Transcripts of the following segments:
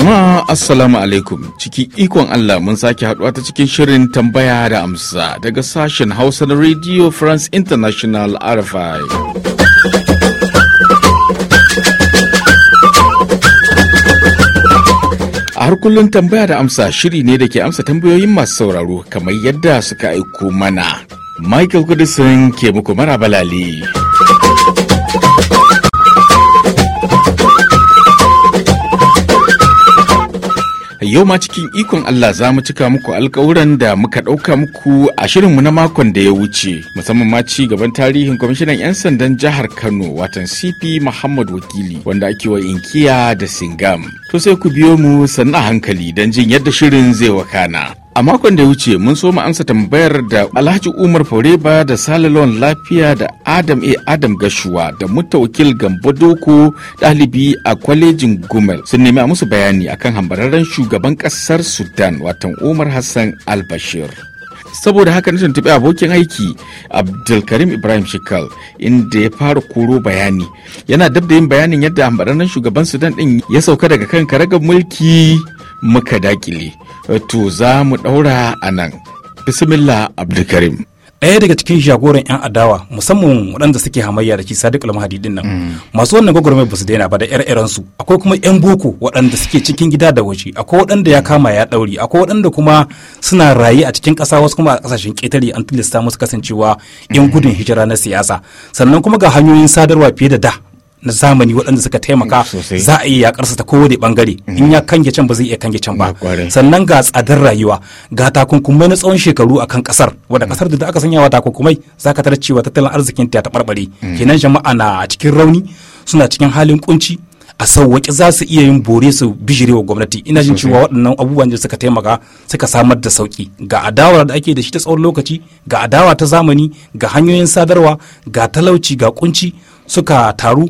Jama'a Assalamu alaikum ciki ikon Allah mun sake haɗuwa ta cikin shirin tambaya da amsa daga sashen Hausa na Radio France International RFI. A har kullum tambaya da amsa shiri ne da ke amsa tambayoyin masu sauraro kamar yadda suka aiko mana. Michael Kudisin ke muku mara balali. yau ma cikin ikon Allah za mu cika muku alkawuran da muka ɗauka muku a shirinmu na makon da ya wuce musamman ma ci gaban tarihin kwamishinan 'yan sandan jihar Kano watan CP Muhammad Wakili wanda ake wa inkiya da Singam. To sai ku biyo mu sannan hankali don jin yadda shirin zai wakana. A makon da ya wuce mun so mu amsa tambayar da Alhaji Umar fareba da Salalon Lafiya da Adam A. Adam Gashuwa da mutawakil Gambo Doko ɗalibi a kwalejin Gumel sun nemi a musu bayani akan hambararren shugaban ƙasar Sudan watan Umar Hassan Al-Bashir. saboda haka na tuntuɓi abokin aiki abdulkarim ibrahim shikal inda ya fara koro bayani yana dab da yin bayanin yadda hambararren shugaban sudan ɗin ya sauka daga kan karagar mulki muka dakile to za mu ɗaura a nan bismillah abdulkarim ɗaya daga cikin shagoran 'yan adawa musamman waɗanda suke hamayya da shi sadiq almahadi din nan mm. masu wannan gwagwarmai ba su daina ba da yar yaran su akwai kuma 'yan boko waɗanda suke cikin gida da waje akwai waɗanda ya kama ya ɗauri akwai waɗanda kuma suna raye a cikin ƙasa wasu kuma a ƙasashen ƙetare an tilasta musu kasancewa 'yan gudun hijira na siyasa sannan kuma ga hanyoyin sadarwa fiye da da na zamani waɗanda suka taimaka za a iya yakarsa ta kowane bangare in ya kange can ba zai iya kange can ba sannan ga tsadar rayuwa ga takunkumai na tsawon shekaru a kan kasar wadda mm. ƙasar da aka sanya wa takunkumai za ka tarar cewa tattalin arzikin ta taɓarɓare mm. kenan jama'a na cikin rauni suna cikin halin kunci a sauwaƙi za su iya yin bore su bijire wa gwamnati ina jin cewa waɗannan abubuwan da suka taimaka suka samar da sauƙi ga adawa da ake da shi ta tsawon lokaci ga adawa ta zamani ga hanyoyin sadarwa ga talauci ga kunci suka taru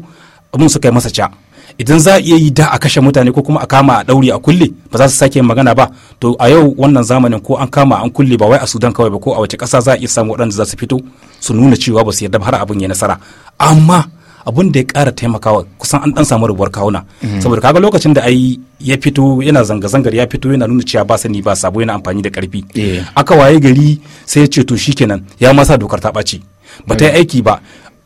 abin su kai masa ca idan za a iya yi da a kashe mutane ko kuma a kama a ɗauri a kulle ba za su sake yin magana ba to a yau wannan zamanin ko an kama an kulle ba wai a sudan kawai ba ko a wace ƙasa za a iya samu waɗanda za su fito su nuna cewa ba su yarda har abin ya nasara amma abin da ya ƙara taimakawa kusan an ɗan samu rubuwar kawuna mhm. saboda kaga lokacin da ai ya fito yana zanga-zangar ya fito yana nuna cewa ba sani ba sabo yana amfani da ƙarfi eh. aka waye gari sai ya ce to shikenan ya masa dokar ta ɓaci ba ta yi eh. aiki ba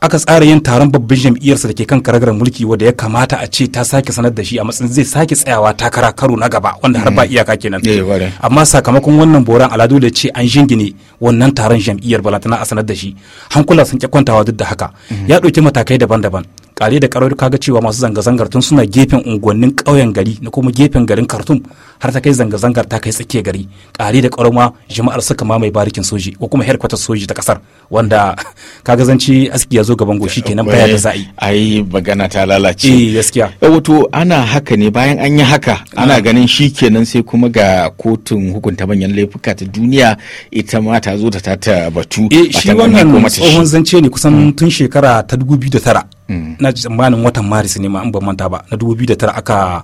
aka tsara yin taron babban jam'iyyarsa da ke kan karagarar mulki wanda ya kamata a ce ta sake sanar da shi a matsayin zai sake tsayawa takara karo na gaba wanda har ba mm. iyaka kenan eh, amma sakamakon wannan boran aladu da ce an jingine wannan taron jam'iyyar tana a sanar da shi hankula sun kyakkwantawa kwantawa duk da haka mm. ya ɗauki matakai daban-daban kare da karar kaga cewa masu zanga-zangar tun suna gefen unguwannin ƙauyen gari na kuma gefen garin khartoum har ta kai zanga-zangar ta kai tsakiyar gari kare da karar ma jama'ar suka mamaye barikin soji ko kuma headquarters soji ta kasar wanda kaga zanci aski ya zo gaban goshi kenan baya da za'i ai magana ta lalace eh gaskiya eh, wato ana haka ne bayan an yi haka ana ah. ganin shi kenan sai kuma ga kotun hukunta manyan laifuka ta duniya ita ma ta zo ta ta batu eh shi wannan tsohon zance ne kusan tun shekara ta 2009 na tsammanin watan maris ne ma an ban manta ba na 2009 aka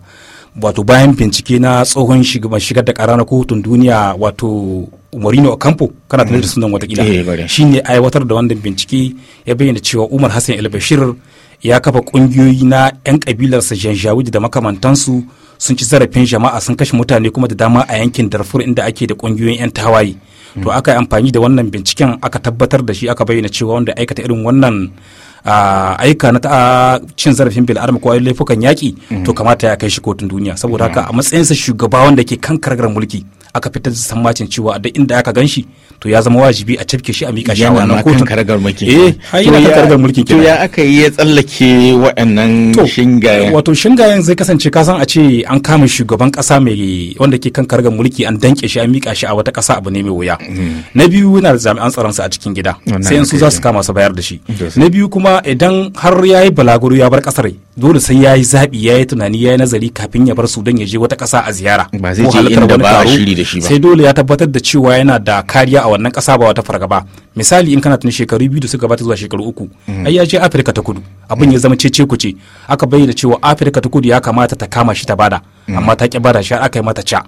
wato bayan bincike na tsohon shigar da kara na kotun duniya wato Morino Ocampo kana tunar da mm. sunan watakila eh, shi ne aiwatar da wannan bincike ya bayyana cewa Umar Hassan ElBashir ya kafa ƙungiyoyi na 'yan kabilarsa Janjawid da makamantansu sun ci zarafin jama'a sun kashe mutane kuma da dama a yankin Darfur inda ake da kungiyoyin 'yan tawaye. To mm. aka yi amfani da wannan binciken aka tabbatar da shi aka bayyana cewa wanda aikata irin wannan aika na ta cin zarafin bil adam ko laifukan yaƙi mm. to kamata ya kai shi kotun duniya saboda mm. haka a matsayinsa shugaba wanda ke kan kargar mulki aka fitar da sammacin cewa duk inda aka gan shi to ya zama wajibi a cafke shi a miƙa shi a wannan kotun karagar mulkin eh to ya to ya aka yi ya tsallake waɗannan shingayen wato shingayen zai kasance ka san a ce an kama shugaban kasa mai wanda ke kan karagar mulki an danke shi a miƙa shi a wata kasa abu ne mai wuya mm. na biyu yana da jami'an tsaron sa a cikin gida sai in su za su kama su bayar da shi na biyu kuma idan har ya yi balaguro ya bar kasar dole sai ya yi zaɓi ya yi tunani ya yi nazari kafin ya bar sudan ya je wata kasa a ziyara ba zai je inda ba da shi ba sai dole ya tabbatar da cewa yana da kariya a wannan kasa ba wata fargaba misali in kana tuni shekaru biyu da suka gabata zuwa shekaru uku mhm. ai ya ce afirka ta kudu abin ya mhm. zama cece ce. aka bayyana cewa afirka ta kudu ya kamata ta kama shi ta bada mhm. amma ta ki bada shi aka yi mata ca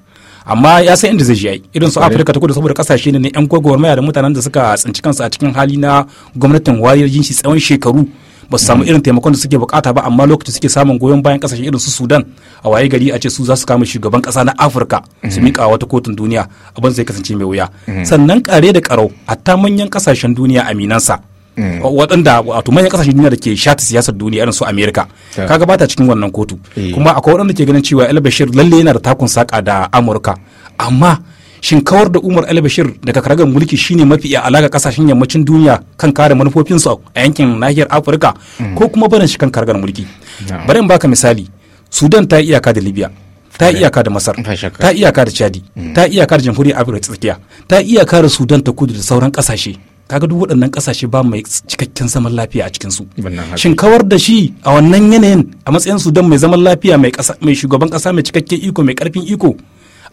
amma ya san inda zai je ai irin su afirka ta kudu saboda kasashe ne yan gwagwarmaya da mutanen da suka tsinci kansu a cikin hali na gwamnatin wariyar jinsi tsawon shekaru ba su samu irin taimakon da suke bukata ba amma lokacin suke samun goyon bayan kasashen irin su Sudan a waye gari a ce su za su kama shugaban kasa na Afirka su mhm. mika wata kotun duniya abin zai kasance mai wuya mhm. sannan kare da karo hatta manyan kasashen duniya aminansa mhm. waɗanda wato manyan kasashen duniya da ke shata siyasar duniya irin su amerika kaga bata cikin wannan kotu eh. kuma akwai waɗanda ke ganin cewa el bashir lalle yana da takun saka da amurka amma shin kawar da umar albashir daga karagar mulki shine mafi iya alaka kasashen yammacin duniya kan kare manufofinsu a yankin nahiyar afirka hmm. ko kuma barin shi kan karagar mulki bari in baka misali sudan ta iyaka da libya ta iyaka da masar ta iyaka da chadi hmm. ta iyaka da jamhuriyar afirka tsakiya ta iyaka da sudan ta kudu da sauran kasashe kaga duk waɗannan kasashe ba mai cikakken zaman lafiya a cikinsu shin kawar da shi a wannan yanayin a matsayin sudan mai zaman lafiya mai shugaban kasa mai cikakken iko mai ƙarfin iko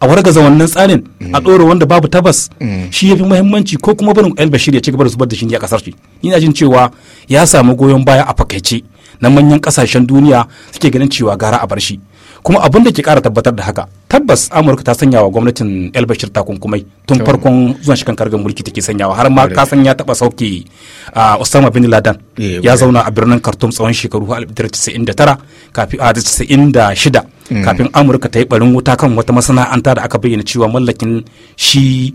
a wargaza wannan tsarin a mm. ɗora wanda babu tabbas mm. shi ya fi muhimmanci ko kuma barin el bashir ya ci gaba da zubar da shi a ƙasar shi ina jin cewa ya samu goyon baya a fakaice na manyan ƙasashen duniya suke ganin cewa gara a bar shi kuma abin da ke kara tabbatar da haka tabbas amurka ta sanya wa gwamnatin el bashir takunkumai tun farkon zuwan shigan kargan mulki take sanyawa har ma ka san ya taba sauke a osama bin laden eh, ya zauna a birnin khartoum tsawon shekaru 1999 kafin 96 kafin amurka ta yi barin wuta kan wata masana'anta da aka bayyana cewa mallakin shi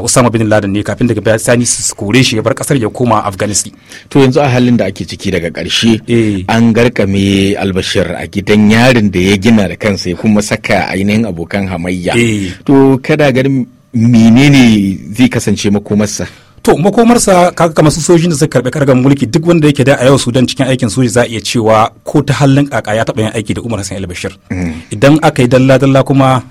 Usama bin Laden ne kafin daga bayan su kore shi ya bar kasar ya koma Afghanistan. To yanzu a halin da ake ciki daga ƙarshe eh. an garkame Albashir a gidan yarin da ya gina da kansa ya kuma saka ainihin abokan hamayya. Eh. To kada garin menene zai kasance makomarsa? to makomarsa kaga kamar su sojin da suka karbi kargan mulki duk wanda yake da a yau sudan cikin aikin soji za a iya cewa ko ta hallin kaka ya taɓa yin aiki da umar hassan bashir mm. idan aka yi dalla dalla kuma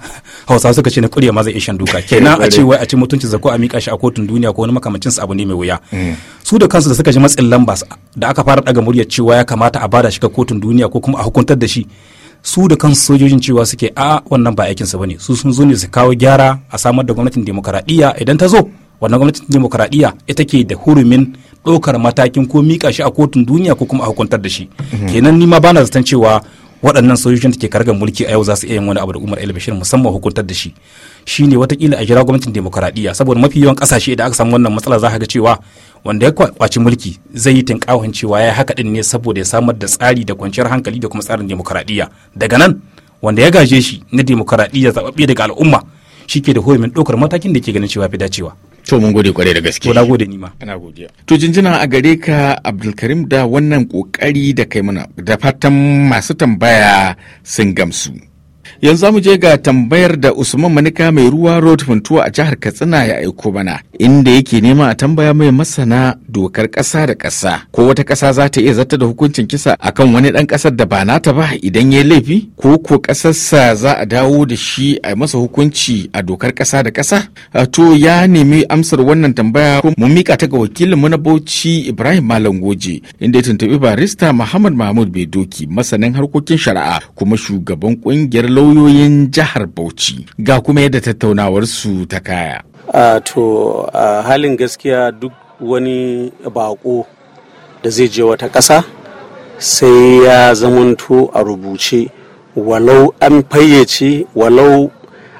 hausa suka ce na kurya ma zai iya shan duka kenan a ce wai a ci mutunci zako a mika shi a kotun duniya ko wani makamancinsa abu ne mai wuya mm. su da kansu da suka ji matsin lamba da aka fara daga muryar cewa ya kamata a bada shi ga kotun duniya ko kuma a hukuntar da shi su da kansu sojojin cewa suke a wannan ba aikinsa bane su sun zo ne su kawo gyara a samar da gwamnatin demokaradiyya idan ta zo wannan gwamnatin demokuraɗiyya ita ke da hurumin ɗaukar matakin ko miƙa shi a kotun duniya ko kuma a hukuntar da shi mhm. kenan ni ma bana zaton cewa waɗannan sojojin da ke kargar mulki a yau za su iya yin wani abu da umar el-bashir musamman hukuntar da shi shi ne watakila a jira gwamnatin demokuraɗiyya saboda mafi yawan ƙasashe da aka samu wannan matsala za ga cewa wanda ya kwaci mulki zai yi tinkawon cewa ya haka ɗin ne saboda ya samar da tsari da kwanciyar hankali da kuma tsarin demokuraɗiyya daga nan wanda ya gaje shi na demokuraɗiyya zaɓaɓɓe daga al'umma shi ke da hurumin ɗaukar matakin da ke ganin cewa fi dacewa To mun gode kwarai da gaske. gode ni ma. godiya. To jinjina a gare ka Abdulkarim da wannan kokari da kai mana da fatan masu tambaya sun gamsu. Yanzu za mu je ga tambayar da Usman Manika mai ruwa road funtuwa a jihar Katsina ya aiko mana inda yake nema a tambaya mai masana dokar ƙasa da ƙasa ko wata ƙasa za ta iya zata da hukuncin kisa akan wani ɗan ƙasar da ba nata ba idan ya laifi ko ko ƙasarsa za a dawo da shi a masa hukunci a dokar ƙasa da ƙasa to ya nemi amsar wannan tambaya ko mu mika ta ga wakilin mu na Bauchi Ibrahim Malam Goje inda ya tuntubi barista Muhammad Mahmud Bedoki masanin harkokin shari'a kuma shugaban kungiyar lauyoyin jihar Bauchi ga kuma yadda tattaunawar su ta kaya. Uh, to halin gaskiya duk wani bako da zai je wata ƙasa sai ya zamanto a rubuce walau an fayyace walau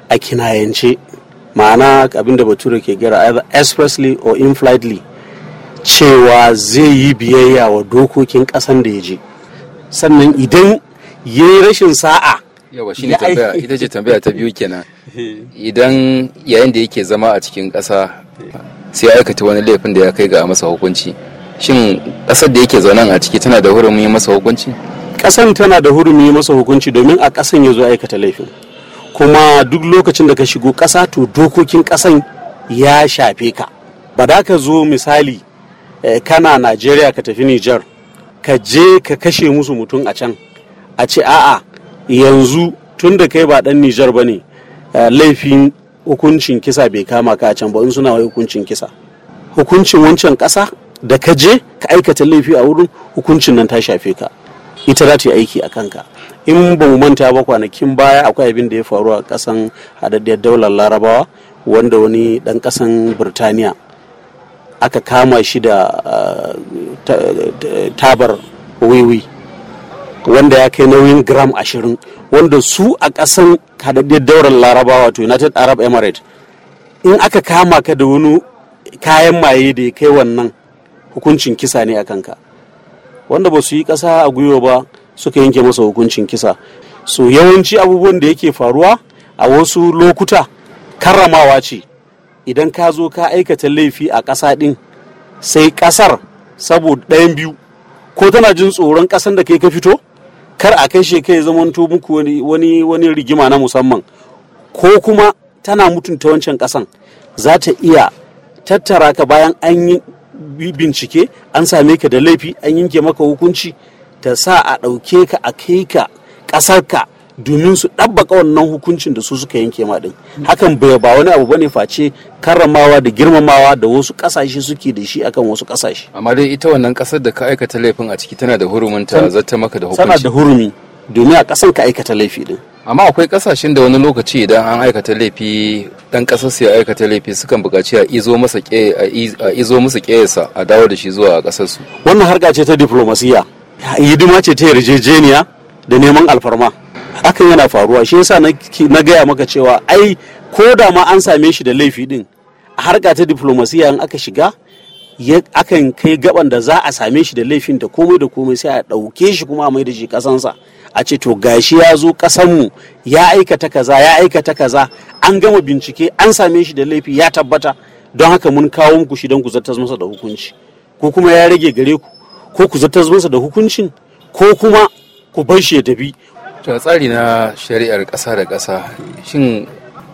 a kinayance ma'ana abinda bature ke gira either expressly or inflightly, cewa zai yi biyayya wa dokokin ƙasan da ya je sannan idan ya yi rashin sa'a yawa shi ne tambaya ita ce tambaya ta biyu kenan eh. idan yayin da yake zama a cikin ƙasa sai ya aikata wani laifin da ya kai ga masa hukunci shin kasar da yake zaune a ciki tana da hurumi masa hukunci ƙasan tana da hurumi masa hukunci domin a ƙasan ya zo aikata laifin kuma duk lokacin da ka shigo ƙasa to dokokin ƙasan ya shafe ka ba da ka zo misali eh, kana najeriya ka tafi nijar ka je ka kashe musu mutum a can a ce a'a yanzu tun da kai ba dan nijar ba ne eh, laifin hukuncin kisa bai kama ka a can ba in suna wai hukuncin kisa hukuncin wancan ƙasa da ka je ka aikata laifi a wurin hukuncin nan ta shafe ka ita za ta yi aiki a kanka in ba mu manta ba kwanakin baya akwai abin da ya faru a ƙasan hadaddiyar daular larabawa wanda wani ɗan ƙasan birtaniya aka kama shi da ah, tabar wiwi wanda ya kai nauyin gram ashirin wanda su a ƙasan hadaddiyar daular larabawa wato united arab emirates in aka kama ka da wani kayan maye da ya kai wannan hukuncin kisa ne a kanka wanda ba su yi ƙasa a gwiwa ba suka yanke masa hukuncin kisa so yawanci abubuwan da yake faruwa a wasu lokuta karramawa ce idan ka zo ka aikata laifi a ƙasa ɗin sai ƙasar saboda ɗayan biyu ko tana jin tsoron ƙasan da kai ka fito kar a kai shi kai zamanto muku wani rigima na musamman ko kuma tana mutunta wancan kasan za ta iya tattara ka bayan an yi bincike an same ka da laifi an yanke maka hukunci ta sa a ɗauke ka a kai ka ka. domin su ɗabbaka wannan hukuncin da su suka yanke ma ɗin hakan bai ba wani abu bane face karramawa da girmamawa da wasu ƙasashe suke da shi akan wasu ƙasashe amma dai ita wannan ƙasar da ka aikata laifin a ciki tana da hurumin ta zata maka da hukunci tana da hurumi domin a ƙasar ka aikata laifi din amma akwai ƙasashen da wani lokaci idan an aikata laifi dan ƙasar su ya aikata laifi sukan buƙaci a izo masa a izo musu ƙeyasa a dawo da shi zuwa ƙasar su wannan harka ce ta diplomasiya hidima ce ta yarjejeniya da neman alfarma akan yana faruwa shi yasa na gaya maka cewa ai ko da ma an same shi da laifi din a harka ta diplomasiya in aka shiga akan kai gaban da za a same shi da laifin da komai da komai sai a ɗauke shi kuma a mai da shi kasansa a ce to gashi ya zo kasanmu ya aikata kaza ya aikata kaza an gama bincike an same shi da laifi ya tabbata don haka mun kawo muku shi don ku zartas masa da hukunci ko kuma ya rage gare ku ko ku zartas masa da hukuncin ko kuma ku bar shi ya tafi To tsari na shari'ar ƙasa da ƙasa shin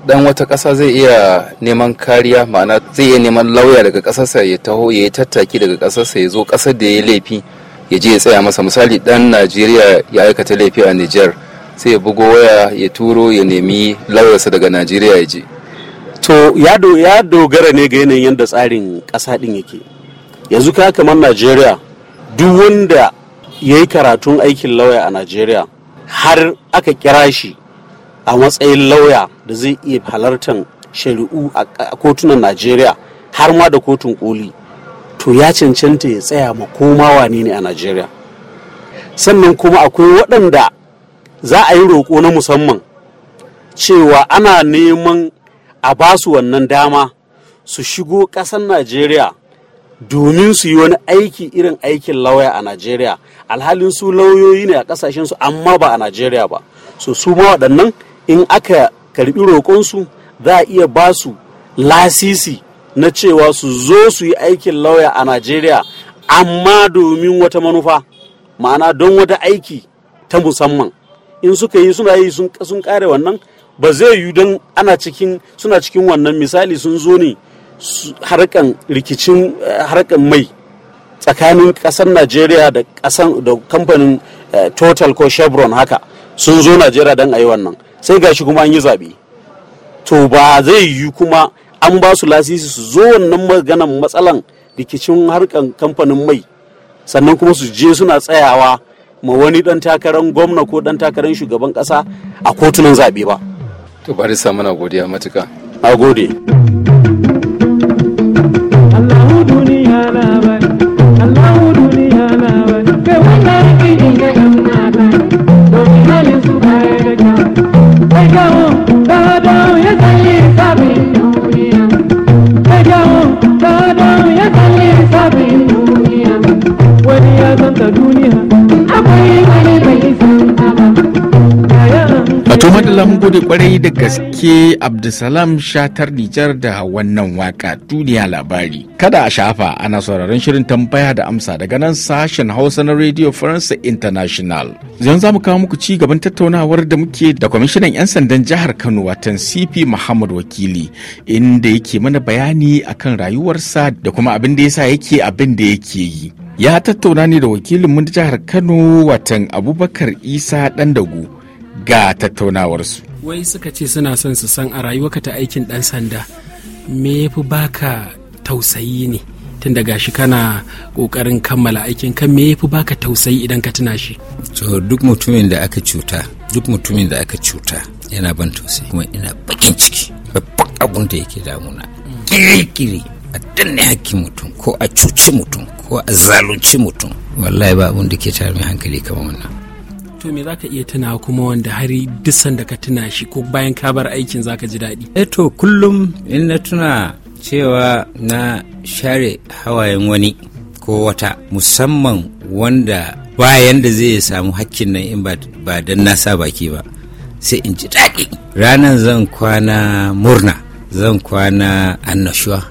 dan wata ƙasa zai iya neman kariya ma'ana zai iya neman lauya daga ƙasarsa ya taho ya yi tattaki daga ƙasarsa ya zo ƙasar da ya yi laifi ya je ya tsaya masa misali dan najeriya ya aikata laifi a Nijar, sai ya bugo waya ya turo ya nemi lauyarsa daga najeriya ya je to ya dogara ne ga yanayin yadda tsarin ƙasa ɗin yake yanzu ka kamar najeriya duk wanda ya yi karatun aikin lauya a najeriya har aka kira shi a matsayin lauya da zai iya halartar shari'u a kotunan najeriya har ma da kotun koli to ya cancanta ya tsaya ma koma wane ne a najeriya sannan kuma akwai waɗanda za a yi roƙo na musamman cewa ana neman a basu wannan dama su shigo ƙasar najeriya domin su yi wani aiki irin aikin lauya a najeriya alhalin su lauyoyi ne a kasashen su amma ba a najeriya ba so su ma waɗannan in aka karbi roƙonsu za a iya ba su lasisi na cewa su zo su yi aikin lauya a najeriya amma domin wata manufa ma'ana don wata aiki ta musamman in suka yi suna yi sun kare wannan ba zai yi don ana cikin suna cikin wannan misali sun zo ne harkan rikicin eh, harkan mai tsakanin kasar najeriya da kasan da kamfanin eh, total ko chevron haka sun zo najeriya don a yi wannan sai gashi kuma an yi zaɓe to ba zai yi kuma an ba su lasisi su zo wannan maganan matsalan rikicin harkan kamfanin mai sannan kuma su je suna tsayawa ma wani dan takarar gwamna ko dan takarar shugaban kasa a kotunan zaɓe ba. To bari sa muna godiya matuka. Na gode. 嗯。mun gode kwarai da gaske Abdulsalam Shatar Nijar da wannan waka duniya labari. Kada a shafa ana sauraron shirin tambaya da amsa daga nan sashen Hausa na Radio France International. Yanzu za mu kawo muku ci gaban tattaunawar da muke da kwamishinan 'yan sandan jihar Kano watan CP Muhammad Wakili inda yake mana bayani akan rayuwarsa da kuma abin da yasa yake abin da yake yi. Ya tattauna ne da wakilin mun jihar Kano watan Abubakar Isa dandago ga tattaunawarsu. Wai suka ce suna son su san a rayuwarka ta aikin ɗan sanda me fi baka tausayi ne tun daga shi kana ƙoƙarin kammala aikin ka me fi baka tausayi idan ka tuna shi. To duk mutumin da aka cuta duk mutumin da aka cuta yana ban tausayi kuma ina bakin ciki babban abun da yake damuna. Kiri-kiri a danne hakkin mutum ko a cuci mutum ko a zalunci mutum wallahi ba abun da ke tare hankali kamar wannan. to me zaka iya tuna kuma wanda hari duk sanda ka tuna shi ko bayan ka bar aikin zaka ji daɗi eh to kullum in na tuna cewa na share hawayen wani ko wata musamman wanda bayan da zai samu hakkin nan in ba dan na sa baki ba sai in ji daɗi ranar zan kwana murna zan kwana annashuwa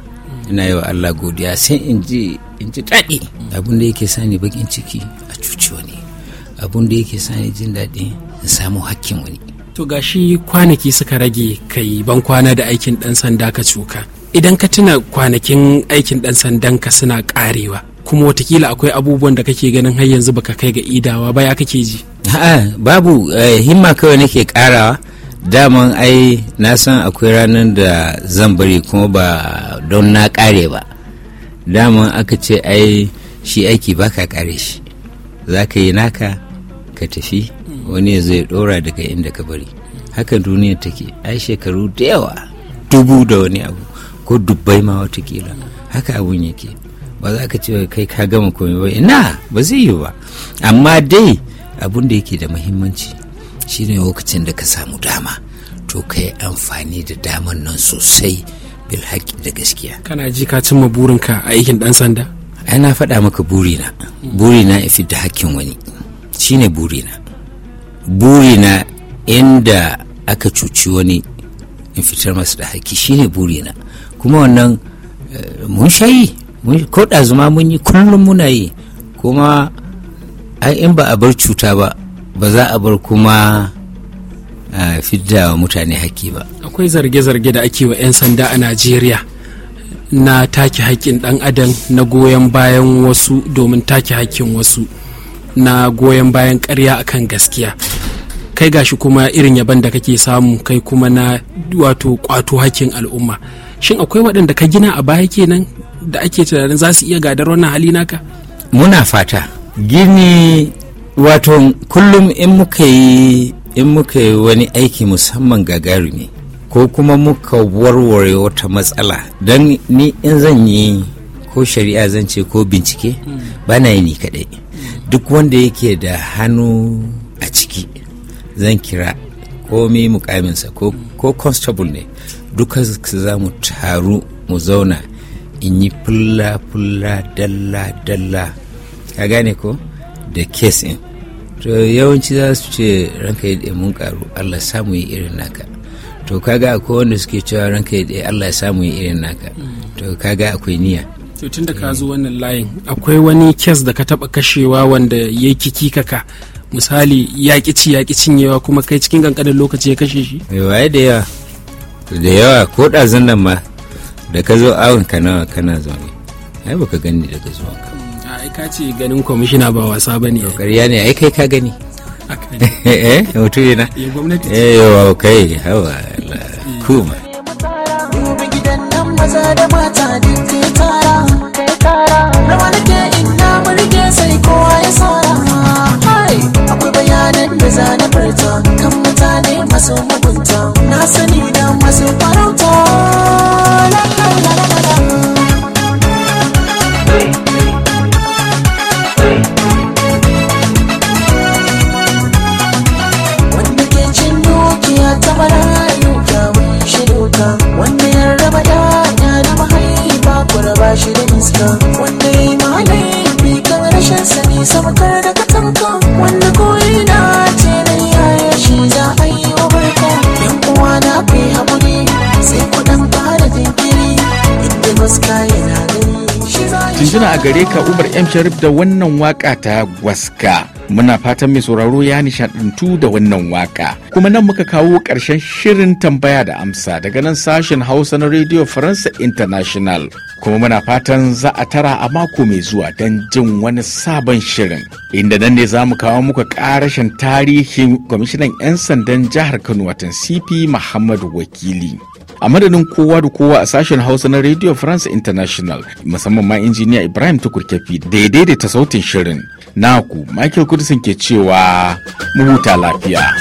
ina yi wa Allah godiya sai in ji in ji daɗi abin da yake sani bakin ciki a cuci wani abun da yake sani jin daɗi in samu hakkin wani to gashi kwanaki suka rage kai ban kwana da aikin ɗan sanda ka cuka idan ka tuna kwanakin aikin ɗan sandan ka suna ƙarewa kuma watakila akwai abubuwan da kake ganin har yanzu baka kai ga idawa ba ya kake ji babu eh, himma kawai nake ƙarawa daman ai na san akwai ranar da zan bari kuma ba don na ƙare ba daman aka ce ai shi aiki baka kare shi za ka yi naka ka tafi wani ya zai dora daga inda ka bari haka duniya take ai shekaru da yawa dubu da wani abu ko dubbai ma wata watakila haka abun yake ba za ka ce kai ka gama komai ba ina ba zai yi ba amma dai abun da yake da muhimmanci shine lokacin da ka samu dama to ka yi amfani da daman nan sosai bil haƙi da gaskiya kana ji ka cimma burinka a aikin dan sanda ai na faɗa maka burina burina ifi da hakkin wani shine burina burina inda aka cuci wani in fitar masu da hakki shine burina kuma wannan eh, mun shayi ko ɗazuma mun yi kullum muna yi kuma ai in ba a bar cuta ba ba za a bar kuma eh, fidda wa mutane hakki ba akwai zarge-zarge da ake wa 'yan sanda a najeriya na take haƙƙin ɗan adam na goyon bayan wasu domin take haƙƙin wasu na goyon bayan karya akan gaskiya kai gashi kuma irin yaban da kake samu kai kuma na wato kwato hakkin al'umma shin akwai waɗanda ka gina a baya kenan da ake tunanin za su iya gadar wannan hali naka muna fata gini wato kullum in muka yi in muka yi wani aiki musamman gagarumi ko kuma muka warware wata matsala don ni in zan yi ko shari'a zan ce ko bincike hmm. ba na yi ni kaɗai duk wanda yake da hannu a ciki zan kira komi mukaminsa ko, constable ne duka za mu taru mu zauna in yi fulla-fulla dalla-dalla ka gane ko da kesin to yawanci za su ce ranka ya mun karu allah samu yi irin naka to kaga akwai wanda suke cewa ranka ya Allah samu yi irin naka to kaga akwai niyya to tun da ka zo wannan layin akwai wani kes da ka taba kashewa wanda ya kiki kaka misali ya ci ya cinyewa kuma kai cikin kankanin lokaci ya kashe shi waye da yawa da yawa ko ɗazun nan ma da ka zo awon ka nawa kana zaune ai baka gani daga zuwan ka ai ka ce ganin kwamishina ba wasa bane ƙarya ne ai kai ka gani eh mutum yana eh gwamnati eh yawa kai hawa eh. kuma zane furta kan mutane masu mugunta na sani da masu farauta a gare ka Umar M Sharif da wannan waka ta gwaska. Muna fatan mai sauraro ya nishadantu da wannan waka. Kuma nan muka kawo ƙarshen shirin tambaya da amsa daga nan sashen Hausa na Radio Faransa International. Kuma muna fatan za a tara a mako mai zuwa don jin wani sabon shirin. Inda nan ne za mu kawo muka ƙarashin tarihin kwamishinan 'yan sandan jihar Kano watan CP Muhammadu Wakili. a madadin kowa da kowa a sashen hausa na radio france international musamman ma injiniya ibrahim tukurkefi da ya daidaita sautin shirin naku michael kudisin ke cewa mu huta lafiya